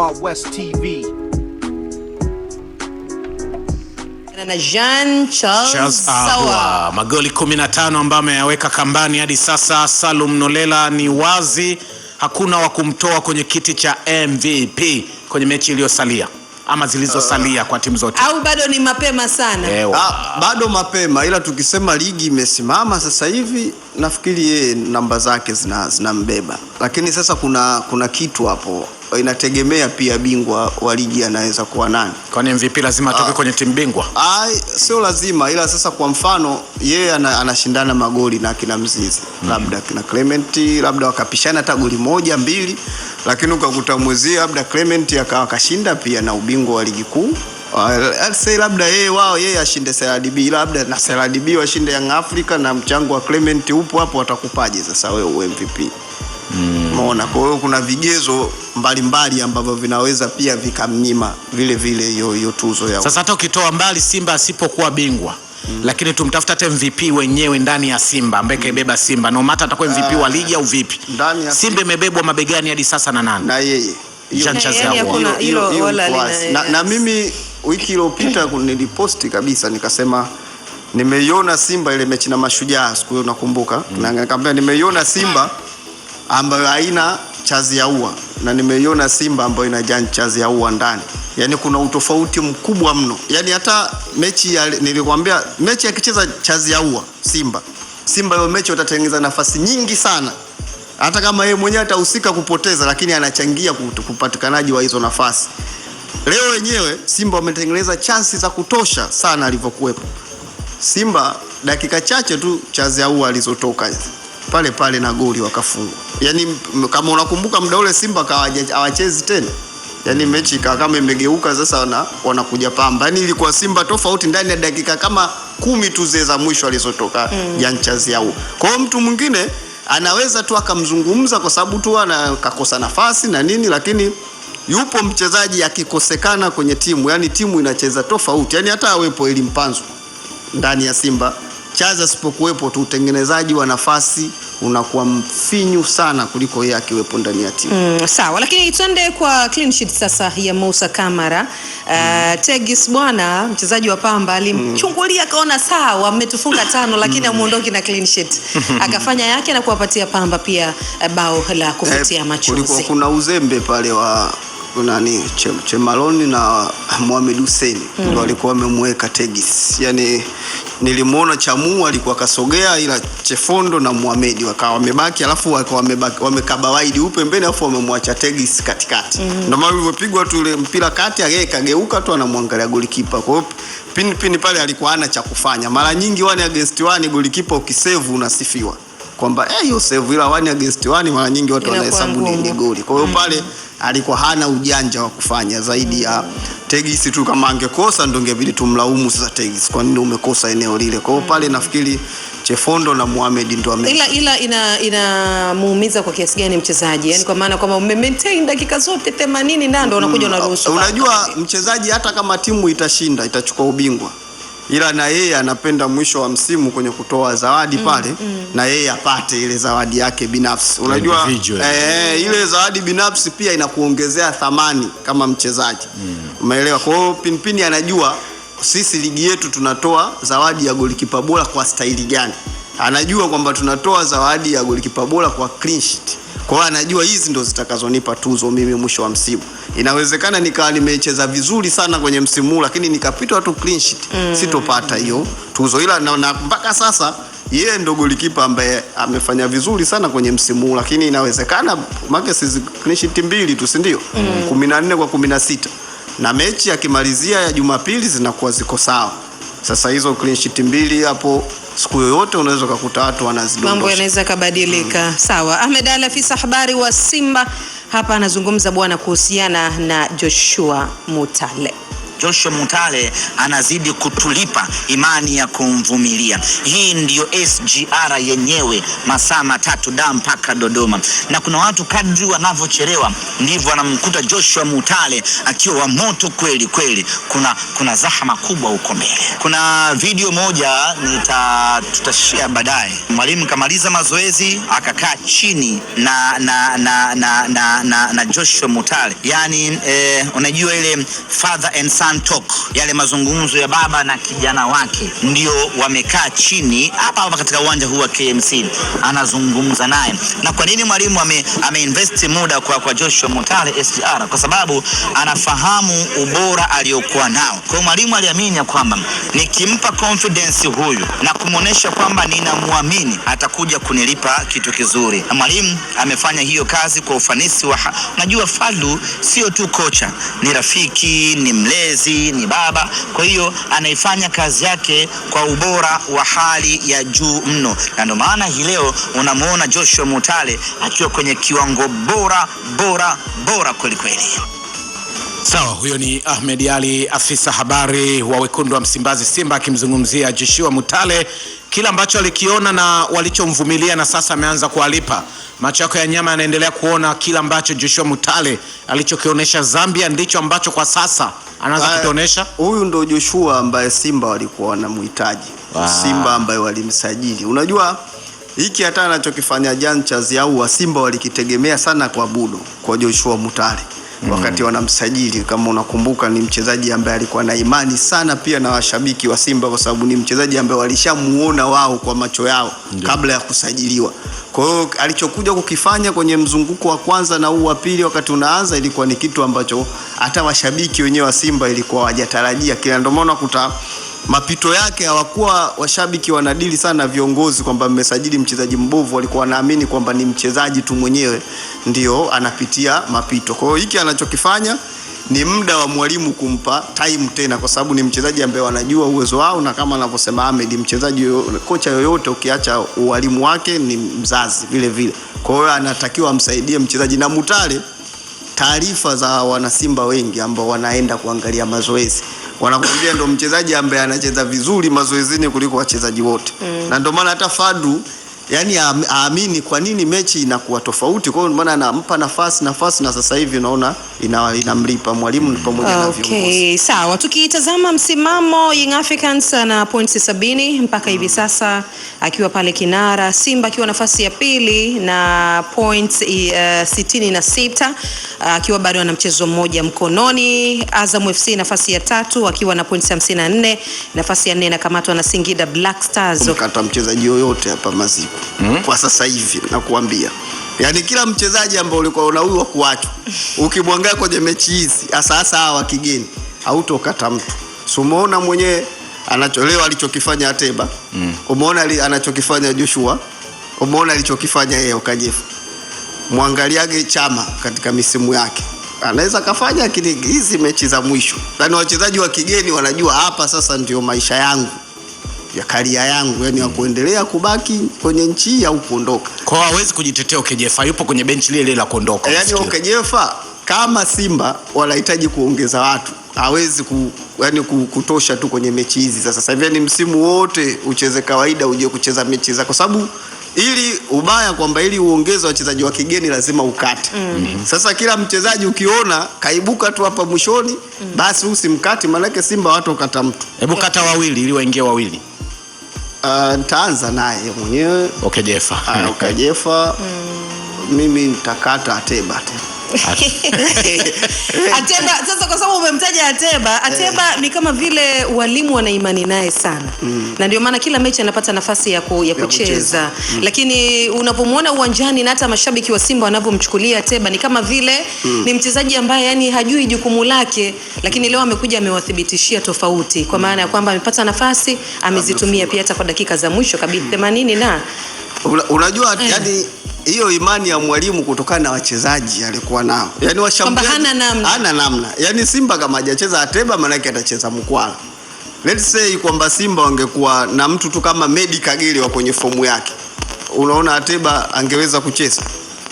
Wild West TV. Na Jean Charles, Charles magoli 15 ambayo ameyaweka kambani hadi sasa. Salum Nolela ni wazi hakuna wa kumtoa kwenye kiti cha MVP kwenye mechi iliyosalia ama zilizosalia uh, kwa timu zote au bado ni mapema sana? Ewa. Eh, ah, bado mapema, ila tukisema ligi imesimama sasa hivi, nafikiri yeye namba zake zinambeba zina, lakini sasa kuna, kuna kitu hapo inategemea pia bingwa wa ligi anaweza kuwa nani. Kwani MVP lazima atoke ah. kwenye timu bingwa? Ah, sio lazima, ila sasa kwa mfano yeye anashindana magoli na kina Mzizi mm. labda kina Clement, labda wakapishana hata goli moja mbili, lakini ukakuta mwezie labda Clement akashinda pia na ubingwa wa ligi kuu ah, eh, Say labda yeye wao yeye ashinde CRDB labda na CRDB washinde Young Africa na mchango wa Clement upo hapo, watakupaje sasa wewe MVP? mm. Umeona, kwa hiyo kuna vigezo mbalimbali ambavyo vinaweza pia vikamnyima vile vile hiyo hiyo tuzo yao. Sasa hata ukitoa mbali Simba asipokuwa bingwa Mm. Lakini tumtafuta hata MVP wenyewe ndani ya Simba ambaye mm. kaibeba Simba no mata atakuwa MVP wa eh, ligi au vipi? Simba imebebwa mabegani hadi sasa na nani? Na yeye. Na, na mimi wiki iliyopita niliposti kabisa nikasema nimeiona Simba ile mechi na Mashujaa siku hiyo nakumbuka. Mm. Nikamwambia nimeiona Simba ambayo haina chazi ya ua na nimeiona Simba ambayo jan chazi ya ua ndani. Yani kuna utofauti mkubwa mno, yani hata mechi ya nilikwambia, mechi akicheza chazi ya ua Simba, Simba hiyo mechi watatengeneza nafasi nyingi sana, hata kama yeye mwenyewe atahusika kupoteza, lakini anachangia kupatikanaji wa hizo nafasi. Leo wenyewe Simba wametengeneza chansi za kutosha sana, alivyokuwepo Simba dakika chache tu chazi ya ua alizotoka hizi pale pale na goli wakafungwa. Yaani kama unakumbuka muda ule Simba hawachezi tena, yaani mechi ikawa kama imegeuka sasa, wanakuja Pamba. Yaani ilikuwa Simba tofauti ndani ya dakika kama kumi tu za mwisho alizotoka Janchazi mm. au. Kwa hiyo mtu mwingine anaweza tu akamzungumza kwa sababu tu anakakosa nafasi na nini, lakini yupo mchezaji akikosekana kwenye timu, yani timu inacheza tofauti, yani hata awepo mpanzo ndani ya Simba chaza asipokuwepo tu, utengenezaji wa nafasi unakuwa mfinyu sana kuliko yeye akiwepo ndani ya timu. Mm, sawa, lakini tuende kwa clean sheet sasa ya Musa Kamara. Uh, mm. Tegis bwana mchezaji wa Pamba alimchungulia akaona sawa ametufunga tano lakini amuondoki na clean sheet. Akafanya yake na kuwapatia Pamba pia uh, bao la eh, kuvutia machozi. Kulikuwa kuna uzembe pale wa nani Chemaloni na Mohamed Hussein mm. ndio mm. walikuwa wamemweka Tegis. Yaani nilimuona Chamu alikuwa kasogea, ila Chefondo na Muhamedi wakawa wamebaki, alafu wakawa wamekaba wide upe mbele, alafu wamemwacha Tegis katikati. mm -hmm. Ndio maana ilivyopigwa tu ile mpira kati, yeye kageuka tu anamwangalia golikipa. Kwa hiyo pin pin pale alikuwa ana cha kufanya. Mara nyingi one against one golikipa ukisevu unasifiwa kwamba eh, hiyo save, ila one against one mara nyingi watu wanahesabu ni goli. Kwa hiyo mhm. pale alikuwa hana ujanja wa kufanya zaidi ya mm -hmm Tegis tu kama angekosa ndio ingebidi tumlaumu sasa Tegis, kwa nini umekosa eneo lile? Kwa hiyo pale nafikiri Chefondo na Mohamed ndio ame ila, ila ina inamuumiza kwa kiasi gani mchezaji yani, kwa maana kwamba ume maintain dakika zote 80 na ndio mm, unakuja unaruhusu. Unajua mchezaji hata kama timu itashinda itachukua ubingwa ila na yeye anapenda mwisho wa msimu kwenye kutoa zawadi mm, pale mm, mm. na yeye apate ile zawadi yake binafsi. Unajua eh, eh, ile zawadi binafsi pia inakuongezea thamani kama mchezaji mm. Umeelewa? Kwa hiyo Pinpini anajua sisi ligi yetu tunatoa zawadi ya golikipa bora kwa staili gani, anajua kwamba tunatoa zawadi ya golikipa bora kwa clean sheet kwa hiyo anajua hizi ndo zitakazonipa tuzo mimi mwisho wa msimu. Inawezekana nikawa nimecheza vizuri sana kwenye msimu huu, lakini nikapitwa tu clean sheet mm. sitopata hiyo tuzo, ila na mpaka sasa yeye ndo golikipa ambaye amefanya vizuri sana kwenye msimu huu, lakini inawezekana sisi clean sheet mbili tu, si ndio? mm. 14 kwa 16 na mechi akimalizia ya, ya Jumapili zinakuwa ziko sawa. Sasa hizo clean sheet mbili hapo siku yoyote unaweza ukakuta watu wanazidondosha, mambo yanaweza kabadilika. Mm. Sawa. Ahmed Ally, afisa habari wa Simba, hapa anazungumza bwana kuhusiana na Joshua Mutale. Joshua Mutale anazidi kutulipa imani ya kumvumilia. Hii ndiyo SGR yenyewe, masaa matatu da mpaka Dodoma. Na kuna watu kadri wanavyochelewa ndivyo wanamkuta Joshua Mutale akiwa wa moto kweli kweli. Kuna, kuna zahama kubwa huko mbele. Kuna video moja nita tutashia baadaye. Mwalimu kamaliza mazoezi akakaa chini na, na, na, na, na, na, na Joshua Mutale, yaani eh, unajua ile father and son man talk, yale mazungumzo ya baba na kijana wake, ndio wamekaa chini hapa hapa katika uwanja huu wa KMC, anazungumza naye. Na kwa nini mwalimu ame, invest muda kwa, kwa Joshua Mutale SGR? Kwa sababu anafahamu ubora aliyokuwa nao. Kwa hiyo mwalimu aliamini ya kwamba nikimpa confidence huyu na kumwonyesha kwamba ninamwamini atakuja kunilipa kitu kizuri. Mwalimu amefanya hiyo kazi kwa ufanisi wa, najua Fadlu sio tu kocha, ni rafiki, ni mlezi mlezi, ni baba. Kwa hiyo anaifanya kazi yake kwa ubora wa hali ya juu mno, na ndio maana hii leo unamuona Joshua Mutale akiwa kwenye kiwango bora bora bora kweli kweli. Sawa, huyo ni Ahmed Ali, afisa habari wa wekundu wa Msimbazi Simba, akimzungumzia Joshua Mutale, kile ambacho alikiona na walichomvumilia na sasa ameanza kuwalipa. Macho yako ya nyama yanaendelea kuona kile ambacho Joshua Mutale alichokionyesha Zambia ndicho ambacho kwa sasa anaanza kutuonesha. Huyu ndo Joshua ambaye Simba walikuwa wanamhitaji. Wow. Simba ambaye walimsajili. Unajua hiki hata anachokifanya Chazi au wa Simba walikitegemea sana kwa budo kwa Joshua Mutale mm. wakati wanamsajili, kama unakumbuka, ni mchezaji ambaye alikuwa na imani sana pia na washabiki wa Simba, kwa sababu ni mchezaji ambaye walishamuona wao kwa macho yao mm. kabla ya kusajiliwa. Kwa hiyo alichokuja kukifanya kwenye mzunguko wa kwanza na huu wa pili, wakati unaanza, ilikuwa ni kitu ambacho hata washabiki wenyewe wa Simba ilikuwa hawajatarajia kila, ndio maana kuta mapito yake hawakuwa washabiki wanadili sana viongozi kwamba mmesajili mchezaji mbovu, walikuwa wanaamini kwamba ni mchezaji tu mwenyewe ndio anapitia mapito. Kwa hiyo hiki anachokifanya ni muda wa mwalimu kumpa time tena, kwa sababu ni mchezaji ambaye wanajua uwezo wao, na kama anavyosema Ahmed, mchezaji kocha yoyote ukiacha ualimu wake ni mzazi vile vile. Kwa hiyo anatakiwa amsaidie mchezaji na Mutale, taarifa za wanasimba wengi ambao wanaenda kuangalia mazoezi wanakuambia ndo mchezaji ambaye anacheza vizuri mazoezini kuliko wachezaji wote mm. na ndio maana hata Fadu yani aamini kwa nini mechi inakuwa tofauti. Kwa hiyo maana anampa nafasi nafasi, na sasa hivi unaona inamlipa ina mwalimu pamoja okay, na viongozi. Okay, sawa. Tukitazama msimamo Young Africans na points sabini mpaka hivi mm. sasa akiwa pale kinara, Simba akiwa nafasi ya pili na points uh, sitini na sita akiwa bado ana mchezo mmoja mkononi. Azam FC nafasi ya tatu akiwa na pointi 54, nafasi ya nne inakamatwa na Singida Black Stars. Ukata mchezaji yoyote hapa maziku mm. Kwa sasa hivi nakuambia, yaani kila mchezaji ambaye ulikuwa una huyu kuwake ukimwangalia kwenye mechi hizi hasa hasa hawa wa kigeni hautokata mtu. Si umeona mwenyewe alichokifanya Ateba mm. Umeona anachokifanya Joshua, umeona alichokifanya yeye Okajefu. Mwangaliage Chama katika misimu yake anaweza kafanya, lakini hizi mechi za mwisho, yaani wachezaji wa kigeni wanajua hapa sasa ndio maisha yangu ya karia yangu, yani ya kuendelea kubaki kwenye nchi hii au kuondoka. Kwa hiyo hawezi kujitetea ukejefa, yupo kwenye benchi lile la kuondoka. Eh, yani ukejefa kama Simba wanahitaji kuongeza watu hawezi ku, yani kutosha tu kwenye mechi hizi za sasa hivi, ni msimu wote ucheze kawaida, uje kucheza mechi za kwa sababu ili ubaya kwamba ili uongeze wachezaji wa kigeni lazima ukate. mm -hmm. Sasa kila mchezaji ukiona kaibuka tu hapa mwishoni, mm -hmm. basi usimkati, maanake Simba watu ukata mtu, hebu kata wawili ili waingie wawili Uh, nitaanza naye mwenyewe Okejefa. Okay, ah, Okejefa. Okay, mm. Mimi nitakata Ateba tu Ateba sasa, kwa sababu umemtaja Ateba, Ateba eh. ni kama vile walimu wana imani naye sana mm. na ndio maana kila mechi anapata nafasi ya, ku, ya, ya kucheza mm. lakini unapomwona uwanjani na hata mashabiki wa Simba wanavyomchukulia Ateba ni kama vile mm. ni mchezaji ambaye yani hajui jukumu lake, lakini leo amekuja amewathibitishia tofauti, kwa mm. maana ya kwamba amepata nafasi amezitumia pia hata kwa dakika za mwisho kabisa 80 mm. na unajua eh. yani hiyo imani ya mwalimu kutokana na wachezaji alikuwa nao, yani washambuliaji hana namna, hana namna. Yani Simba kama hajacheza Ateba, maanake atacheza Mkwala. Let's say kwamba Simba wangekuwa na mtu tu kama Medi kagili wa kwenye fomu yake, unaona Ateba angeweza kucheza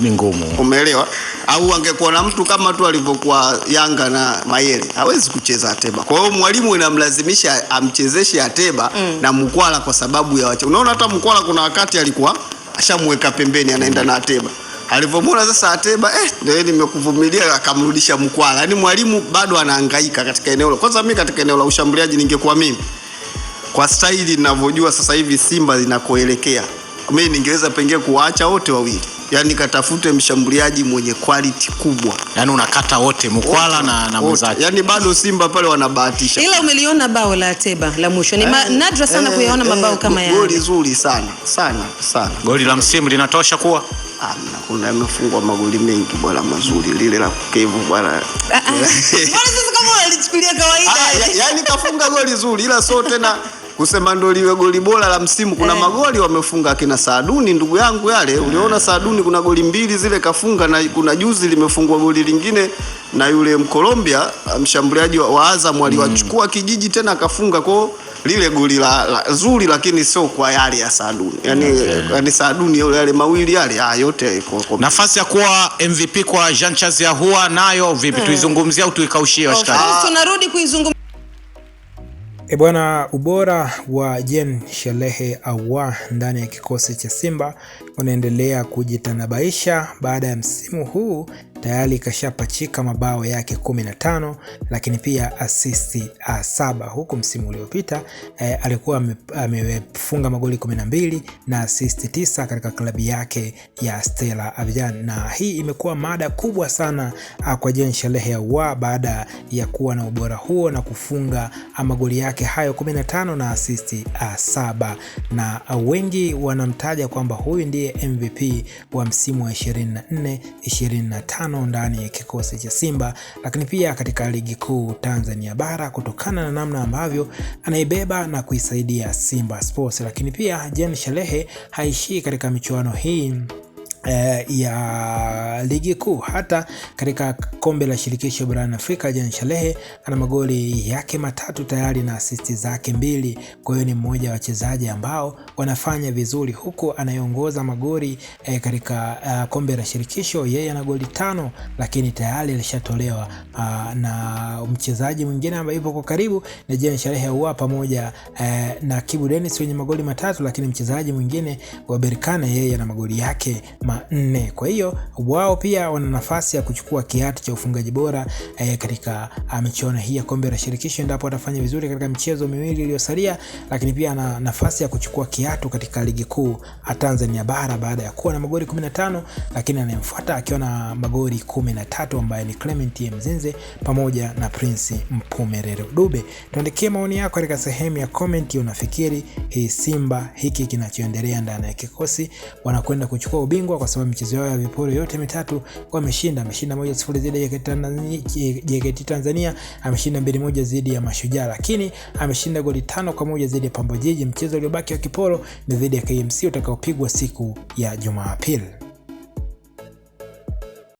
ni ngumu, umeelewa? Au angekuwa na mtu kama tu alivyokuwa Yanga na Mayele, hawezi kucheza Ateba. Kwa hiyo mwalimu inamlazimisha amchezeshe Ateba mm. na Mkwala kwa sababu ya wache. Unaona hata Mkwala kuna wakati alikuwa ashamweka pembeni, anaenda na Ateba. Alivyomwona sasa Ateba, eh, ndio yeye nimekuvumilia, akamrudisha mkwala. Yaani mwalimu bado anahangaika katika eneo hilo. Kwanza mimi katika eneo la ushambuliaji ningekuwa mimi, kwa staili ninavyojua sasa hivi Simba linakoelekea, mimi ningeweza pengine kuwaacha wote wawili yani katafute mshambuliaji mwenye quality kubwa, yani unakata wote Mkwala na, na mwenzake. Yani bado Simba pale wanabahatisha, ila umeliona bao la Teba la mwisho ni eh, nadra sana eh, kuyaona eh, mabao eh, kama yale. Goli zuri sana sana sana, goli la msimu linatosha kuwa ah, kuna amefungwa magoli mengi bwana mazuri, lile la Kevu bwana, ah, ah. kama kawaida? Yaani kafunga goli zuri, ila sio tena kusema ndo liwe goli bora la msimu. Kuna eh, magoli wamefunga akina Saaduni ndugu yangu yale mm. Uliona Saaduni kuna goli mbili zile kafunga, na kuna juzi limefungwa goli lingine na yule Mkolombia mshambuliaji wa, wa Azam aliwachukua mm. kijiji tena akafunga kwao lile goli la, la zuri lakini sio kwa yale ya Saaduni yani, okay. Eh. Yani Saaduni yale mawili yale ah, yote kwa, Nafasi ya kuwa MVP kwa Jean Charles Ahoua nayo vipi? yeah. Tuizungumzia au tuikaushie ah. washikaji? Tunarudi kuizungumzia E bwana, ubora wa Jean Shalehe Awa ndani ya kikosi cha Simba unaendelea kujitanabaisha baada ya msimu huu tayari ikashapachika mabao yake 15 lakini pia asisti ah, saba, huku msimu uliopita e, alikuwa amefunga magoli 12 na asisti tisa katika klabu yake ya Stella avijan na hii imekuwa mada kubwa sana a, ah, kwa Jean Charles Ahoua baada ya kuwa na ubora huo na kufunga ah, magoli yake hayo 15 na asisti saba, na wengi wanamtaja kwamba huyu ndiye MVP wa msimu wa 24 25 ndani ya kikosi cha Simba, lakini pia katika ligi kuu Tanzania bara kutokana na namna ambavyo anaibeba na kuisaidia Simba Sports. Lakini pia Jean Shalehe haishii katika michuano hii Uh, ya ligi kuu. Hata katika kombe la shirikisho barani Afrika, Jan Shalehe ana magoli yake matatu tayari na asisti zake mbili. Kwa hiyo ni mmoja wa wachezaji ambao wanafanya vizuri, huku anayeongoza magoli eh, katika uh, kombe la shirikisho yeye ana goli tano, lakini tayari alishatolewa uh, na mchezaji mwingine ambaye yupo kwa karibu na Jan Shalehe huwa pamoja uh, na Kibu Dennis wenye magoli matatu, lakini mchezaji mwingine wa Berkane yeye ana magoli yake manne. Kwa hiyo wao pia wana nafasi ya kuchukua kiatu cha ufungaji bora eh, katika ah, michuano hii ya kombe la shirikisho endapo watafanya vizuri katika michezo miwili iliyosalia, lakini pia ana nafasi ya kuchukua kiatu katika ligi kuu ya ah, Tanzania bara baada ya kuwa na magoli 15, lakini anayemfuata akiwa na magoli 13 ambaye ni Clement Mzinze pamoja na Prince Mpumerero Dube. Tuandikie maoni yako katika sehemu ya comment. Unafikiri hii Simba hiki kinachoendelea ndani ya kikosi wanakwenda kuchukua ubingwa kwa sababu michezo yao ya viporo yote mitatu wameshinda. Ameshinda moja sifuri dhidi ya JKT Tanzania, ameshinda mbili moja dhidi ya Mashujaa, lakini ameshinda goli tano kwa moja dhidi ya pambo Jiji. Mchezo uliobaki wa kiporo ni dhidi ya KMC utakaopigwa siku ya Jumapili.